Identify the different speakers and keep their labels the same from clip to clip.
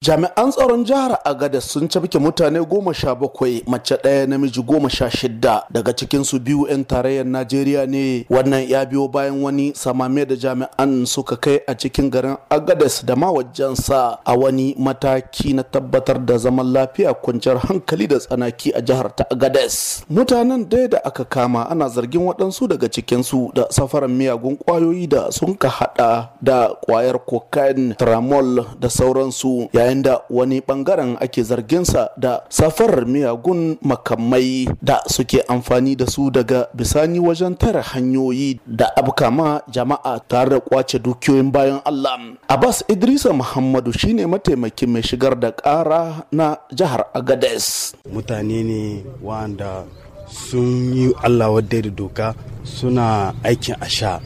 Speaker 1: jami'an tsaron jihar agada sun cafke mutane goma sha bakwai mace ɗaya namiji goma sha shida daga cikinsu biyu 'yan tarayyar najeriya ne wannan ya biyo bayan wani samame da jami'an suka kai a cikin garin Agadez da ma wajensa a wani mataki na tabbatar da zaman lafiya kwanciyar hankali da tsanaki a jihar ta agades mutanen dai da aka kama ana zargin waɗansu daga cikinsu da safaran miyagun ƙwayoyi da sun ka haɗa da ƙwayar cocaine tramol da sauransu yayin da wani bangaren ake zarginsa da safar miyagun makamai da suke amfani da su daga bisani wajen tare hanyoyi da abkama jama'a tare da kwace dukiyoyin bayan Allah. Abbas Idrisa Muhammadu shine mataimakin mai
Speaker 2: shigar da ƙara na jihar Agades. Mutane ne wanda sun yi Allah wadda da doka suna aikin asha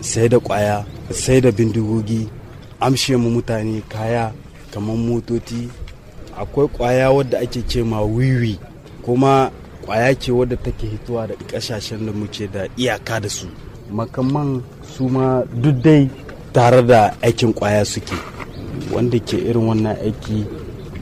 Speaker 2: sai da kwaya sai da bindigogi amshe mu mutane kaya kamar motoci akwai kwaya wadda ake cema wiwi kuma kwaya ce wadda take hitowa da kasashen da muke da iyaka da su makaman su ma duk dai tare da aikin kwaya suke wanda ke irin wannan aiki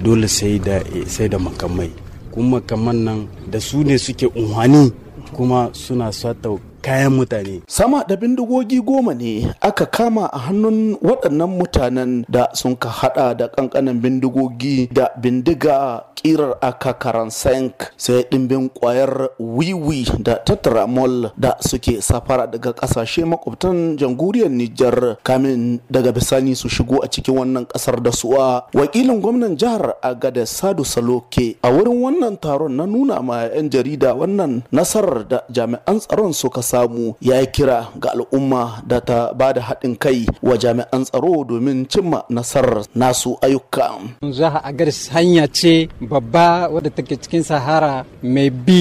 Speaker 2: dole sai da makamai kuma makaman nan da su ne suke unhani kuma suna sata kayan mutane. Sama da bindigogi goma
Speaker 1: ne aka kama a hannun waɗannan mutanen da sun ka hada da ƙanƙanin bindigogi da bindiga ƙirar karan sank sai ɗimbin ƙwayar wiwi da tetramol da suke safara daga ƙasashe makwabtan jamhuriyar Nijar kamin daga bisani su shigo a cikin wannan ƙasar da suwa. Wakilin gwamnan jihar Agada Sadu Saloke a wurin wannan taron na nuna ma 'yan jarida wannan nasarar da jami'an tsaron suka sa samu ya yi kira ga al'umma da ta ba da haɗin kai wa jami'an tsaro domin cimma nasarar nasu ayyuka.
Speaker 3: a Agaris hanya ce babba wadda take cikin Sahara mai bi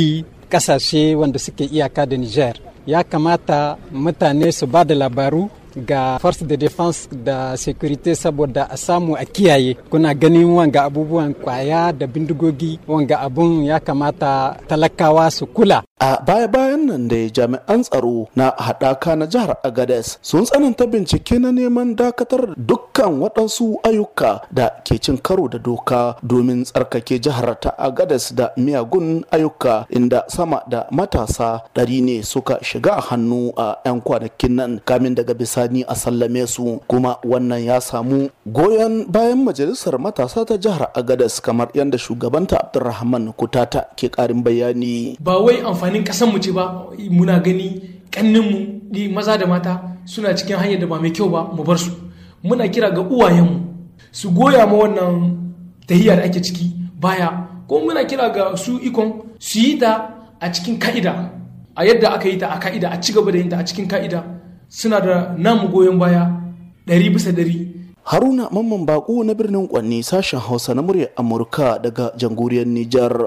Speaker 3: kasashe wanda suke iyaka da Niger. Ya kamata mutane su ba da labaru ga force de defense da security saboda a samu a kiyaye kuna ganin wanga abubuwan kwaya da bindigogi wanga abun ya kamata talakawa su
Speaker 1: kula a baya-bayan nan da jami'an tsaro na haɗaka na jihar agades sun tsananta bincike na neman dakatar dukkan waɗansu ayyuka da ke cin karo da doka domin tsarkake jihar ta agades da miyagun ayyuka inda sama da matasa ɗari ne suka shiga hannu a 'yan kwanakin nan kamin daga bisani a sallame su kuma wannan ya samu goyon bayan majalisar matasa ta jihar agades kamar yadda shugabanta abdulrahman kutata ke ƙarin bayani
Speaker 4: ba wai amfani amfanin mu ce ba muna gani mu ni maza da mata suna cikin hanyar da ba mai kyau ba mu bar su muna kira ga uwayenmu su goya ma wannan tahiya da ake ciki baya ko muna kira ga su ikon su yi ta a cikin ka'ida a yadda aka yi ta a ka'ida a ci gaba da yin ta a cikin ka'ida suna da namu goyon baya ɗari bisa ɗari
Speaker 1: haruna mamman bako na birnin kwanne sashen hausa na muryar amurka daga jamhuriyar nijar